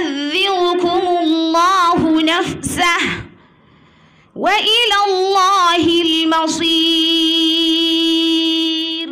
يعذركم الله نفسه وإلى الله المصير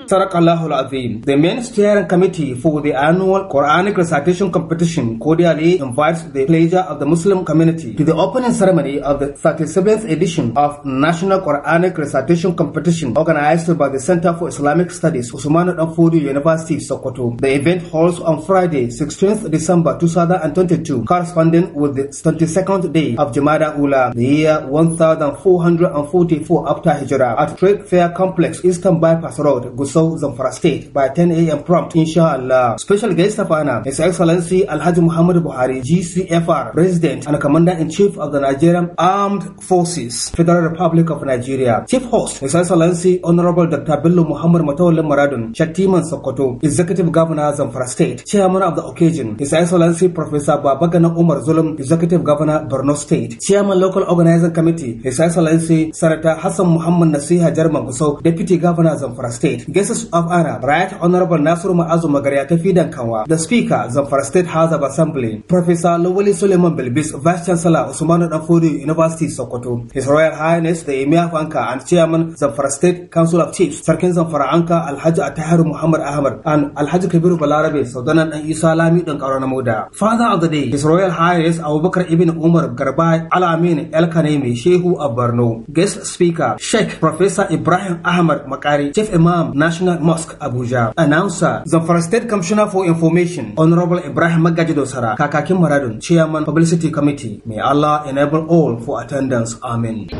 Sarakallahu Azim. The main steering committee for the annual Quranic recitation competition cordially invites the pleasure of the Muslim community to the opening ceremony of the 37th edition of National Quranic Recitation Competition organized by the Center for Islamic Studies, Usman Danfodio University, Sokoto. The event holds on Friday, 16th December 2022, corresponding with the 22nd day of Jamada Ula, the year 1444 after Hijrah, at Trade Fair Complex, Eastern Bypass Road, Gusau. Gusau Zamfara State by 10 a.m. prompt, inshallah. Special guest of honor, His Excellency Alhaji Muhammad Buhari, GCFR, President and Commander-in-Chief of the Nigerian Armed Forces, Federal Republic of Nigeria. Chief host, His Excellency Honorable Dr. Bello Muhammad Matawalin Maradun, Shatiman Sokoto, Executive Governor Zamfara State, Chairman of the occasion, His Excellency Professor Babagana Umar Zulum, Executive Governor Borno State, Chairman Local Organizing Committee, His Excellency Senator Hassan Muhammad Nasiha Jarman Gusau, Deputy Governor Zamfara State, Guest Voices of Arab, Right Honorable Nasiru Ma'azu Magarya ta Fidan Kanwa, the Speaker, Zamfara State House of Assembly, Professor Lawali Suleiman Bilbis, Vice Chancellor Usmanu Danfodiyo University Sokoto, His Royal Highness the Emir of Anka and Chairman Zamfara State Council of Chiefs, Sarkin Zamfara Anka Alhaji Atahiru Muhammad Ahmad and Alhaji Kabiru Balarabe Saudanan Dan Isa Lami Dan Karona Moda. Father of the Day, His Royal Highness Abubakar Ibn Umar Garbai Alamin El Kanemi Shehu of Borno. Guest Speaker, Sheikh Professor Ibrahim Ahmad Makari, Chief Imam National National Mosque, Abuja. Announcer, Zamfara State Commissioner for Information, Honorable Ibrahim Magaji Dosara, Kakakin Maradun, Chairman Publicity Committee. May Allah enable all for attendance. Amen.